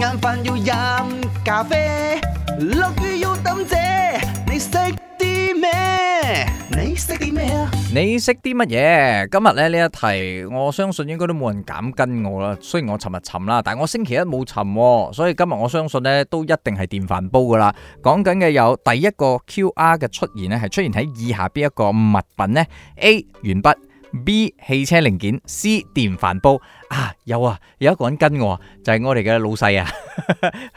眼飯要飲咖啡，落雨要等姐，你識啲咩？你識啲咩啊？你識啲乜嘢？今日咧呢一題，我相信應該都冇人敢跟我啦。雖然我尋日尋啦，但我星期一冇尋，所以今日我相信咧都一定係電飯煲噶啦。講緊嘅有第一個 QR 嘅出現咧，係出現喺以下邊一個物品咧？A. 圓筆，B. 汽車零件，C. 電飯煲。啊有啊，有一個人跟我，就係我哋嘅老細啊，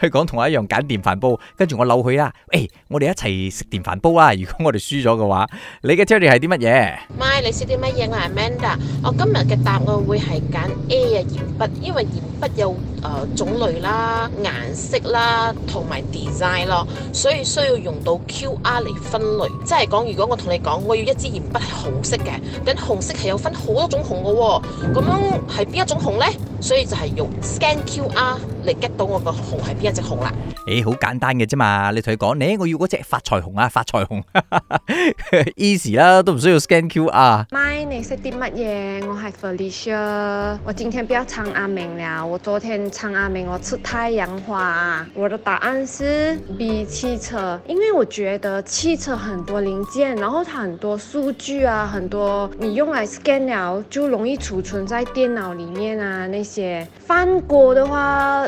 佢講同我一樣揀電飯煲，跟住我扭佢啦。誒，我哋一齊食電飯煲啊！如果我哋輸咗嘅話，你嘅 challenge 係啲乜嘢？MY 你識啲乜嘢？我係 Amanda，我今日嘅答案會係揀 A 啊，鉛筆，因為鉛筆有誒種類啦、顏色啦，同埋 design 咯，所以需要用到 QR 嚟分類。即係講，如果我同你講，我要一支鉛筆係紅色嘅，但係紅色係有分好多種紅嘅喎，咁樣係邊一種？紅呢，所以就係用 scan QR。你 get 到我個熊係邊一隻熊啦？誒、欸，好簡單嘅啫嘛！你同佢講，你、欸、我要嗰隻發財熊啊，發財熊 ，easy 啦，都唔需要 scan QR。MY 你識啲乜嘢？我係 Felicia，我今天不要唱阿明了，我昨天唱阿明，我吃太陽花。我的答案是 B 汽車，因為我覺得汽車很多零件，然後它很多數據啊，很多你用來 scan 了就容易儲存在電腦裡面啊，那些翻過的話。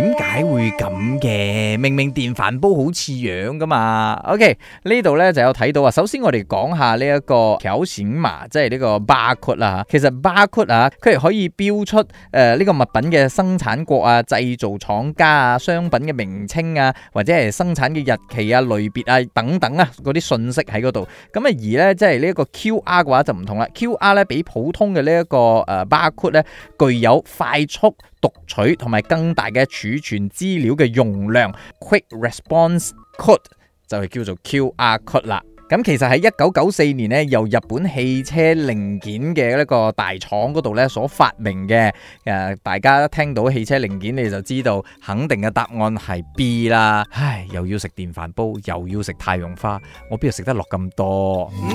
點解會咁嘅？明明電飯煲好似樣噶嘛。OK，這裏呢度呢就有睇到啊。首先我哋講下呢、這、一個巧剪嘛，即係呢個 barcode 啦。其實 barcode 啊，佢係可以標出誒呢、呃這個物品嘅生產國啊、製造廠家啊、商品嘅名稱啊，或者係生產嘅日期啊、類別啊等等啊嗰啲信息喺嗰度。咁啊，而呢，即係呢一個 QR 嘅話就唔同啦。QR 呢比普通嘅呢一個誒 barcode 呢具有快速讀取同埋更大嘅儲存資料嘅容量，Quick Response Code 就係叫做 QR Code 啦。咁其實喺一九九四年呢，由日本汽車零件嘅一個大廠嗰度呢所發明嘅。誒，大家一聽到汽車零件，你就知道肯定嘅答案係 B 啦。唉，又要食電飯煲，又要食太陽花，我邊度食得落咁多？嗯